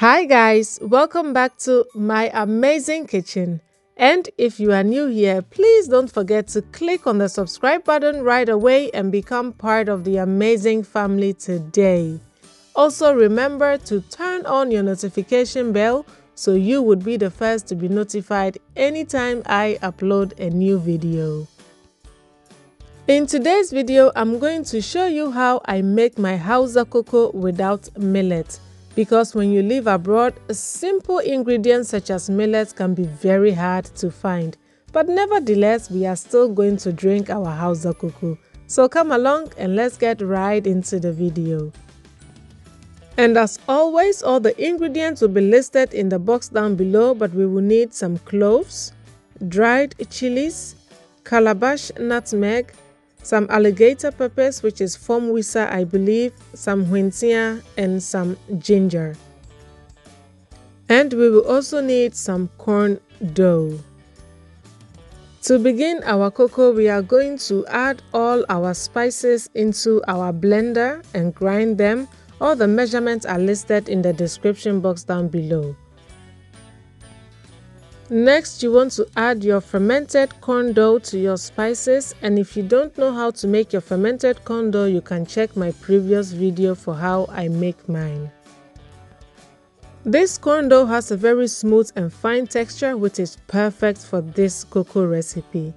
Hi guys, welcome back to my amazing kitchen. And if you are new here, please don't forget to click on the subscribe button right away and become part of the amazing family today. Also remember to turn on your notification bell so you would be the first to be notified anytime I upload a new video. In today's video, I'm going to show you how I make my Hausa cocoa without millet. Because when you live abroad, simple ingredients such as millet can be very hard to find. But nevertheless, we are still going to drink our Hausa Kuku. So come along and let's get right into the video. And as always, all the ingredients will be listed in the box down below, but we will need some cloves, dried chilies, calabash nutmeg, some alligator peppers which is form I believe, some huentia and some ginger. And we will also need some corn dough. To begin our cocoa, we are going to add all our spices into our blender and grind them. All the measurements are listed in the description box down below. Next, you want to add your fermented corn dough to your spices and if you don't know how to make your fermented corn dough, you can check my previous video for how I make mine. This corn dough has a very smooth and fine texture which is perfect for this cocoa recipe.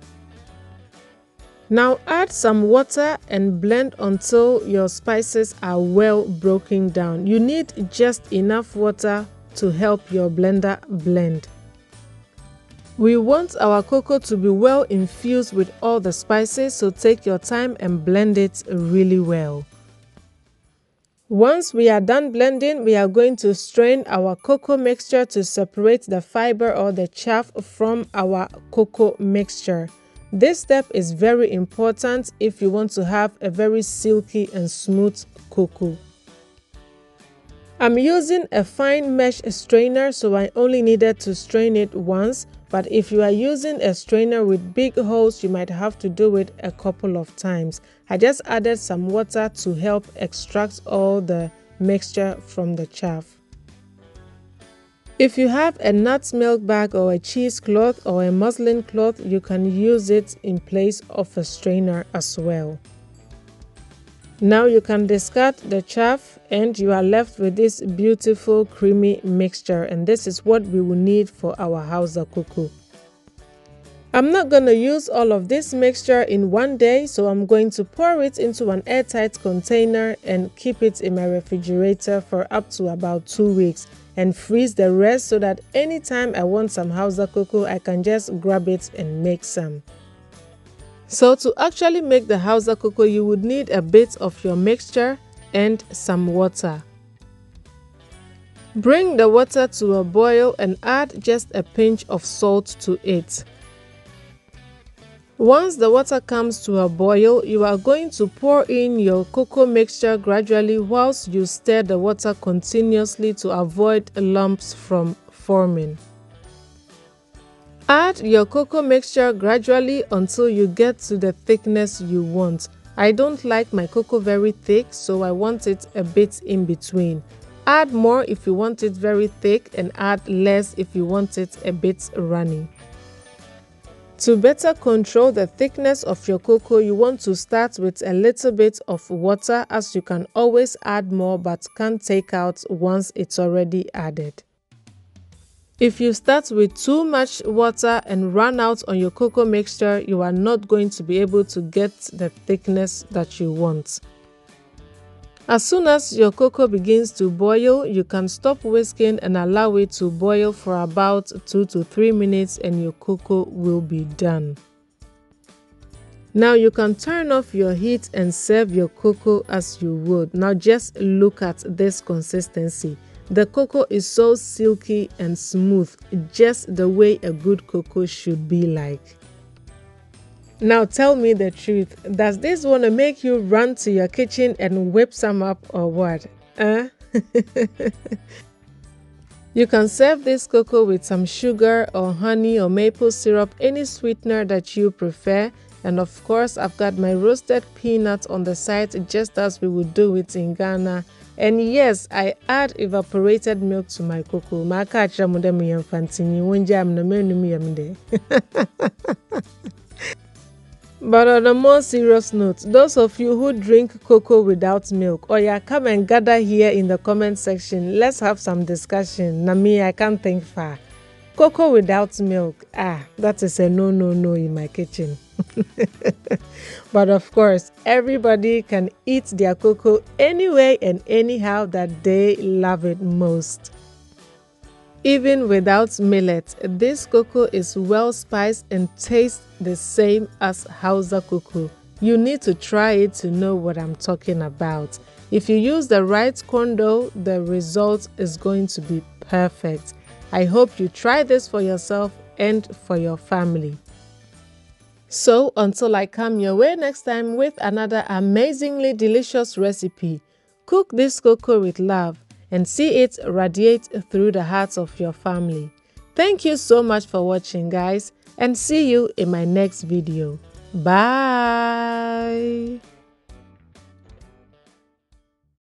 Now add some water and blend until your spices are well broken down. You need just enough water to help your blender blend. We want our cocoa to be well infused with all the spices so take your time and blend it really well. Once we are done blending, we are going to strain our cocoa mixture to separate the fiber or the chaff from our cocoa mixture. This step is very important if you want to have a very silky and smooth cocoa. I'm using a fine mesh strainer so I only needed to strain it once but if you are using a strainer with big holes, you might have to do it a couple of times. I just added some water to help extract all the mixture from the chaff. If you have a nut milk bag or a cheesecloth or a muslin cloth, you can use it in place of a strainer as well. Now you can discard the chaff and you are left with this beautiful creamy mixture and this is what we will need for our Hausa cuckoo. I'm not going to use all of this mixture in one day so I'm going to pour it into an airtight container and keep it in my refrigerator for up to about 2 weeks and freeze the rest so that anytime I want some Hausa cocoa I can just grab it and make some. So to actually make the Hausa cocoa, you would need a bit of your mixture and some water. Bring the water to a boil and add just a pinch of salt to it. Once the water comes to a boil, you are going to pour in your cocoa mixture gradually whilst you stir the water continuously to avoid lumps from forming. Add your cocoa mixture gradually until you get to the thickness you want. I don't like my cocoa very thick so I want it a bit in between. Add more if you want it very thick and add less if you want it a bit runny. To better control the thickness of your cocoa, you want to start with a little bit of water as you can always add more but can't take out once it's already added. If you start with too much water and run out on your cocoa mixture, you are not going to be able to get the thickness that you want. As soon as your cocoa begins to boil, you can stop whisking and allow it to boil for about 2 to 3 minutes and your cocoa will be done. Now you can turn off your heat and serve your cocoa as you would. Now just look at this consistency. The cocoa is so silky and smooth, just the way a good cocoa should be like. Now tell me the truth, does this want to make you run to your kitchen and whip some up or what? Eh? you can serve this cocoa with some sugar or honey or maple syrup, any sweetener that you prefer. And of course, I've got my roasted peanuts on the side just as we would do it in Ghana. And yes, I add evaporated milk to my cocoa. Ma aka akyerɛ mo dɛ meyɛ mfantini, wɔngye am no mɛnum yam But on a more serious note, those of you who drink cocoa without milk, or yeah, come and gather here in the comment section. Let's have some discussion. Na me, I can't think far. Cocoa without milk, ah, that is a no, no, no in my kitchen. but of course, everybody can eat their cocoa anyway and anyhow that they love it most. Even without millet, this cocoa is well spiced and tastes the same as Hausa cocoa. You need to try it to know what I'm talking about. If you use the right corn dough, the result is going to be perfect. I hope you try this for yourself and for your family. So until I come your way next time with another amazingly delicious recipe, cook this cocoa with love and see it radiate through the hearts of your family. Thank you so much for watching guys and see you in my next video. Bye!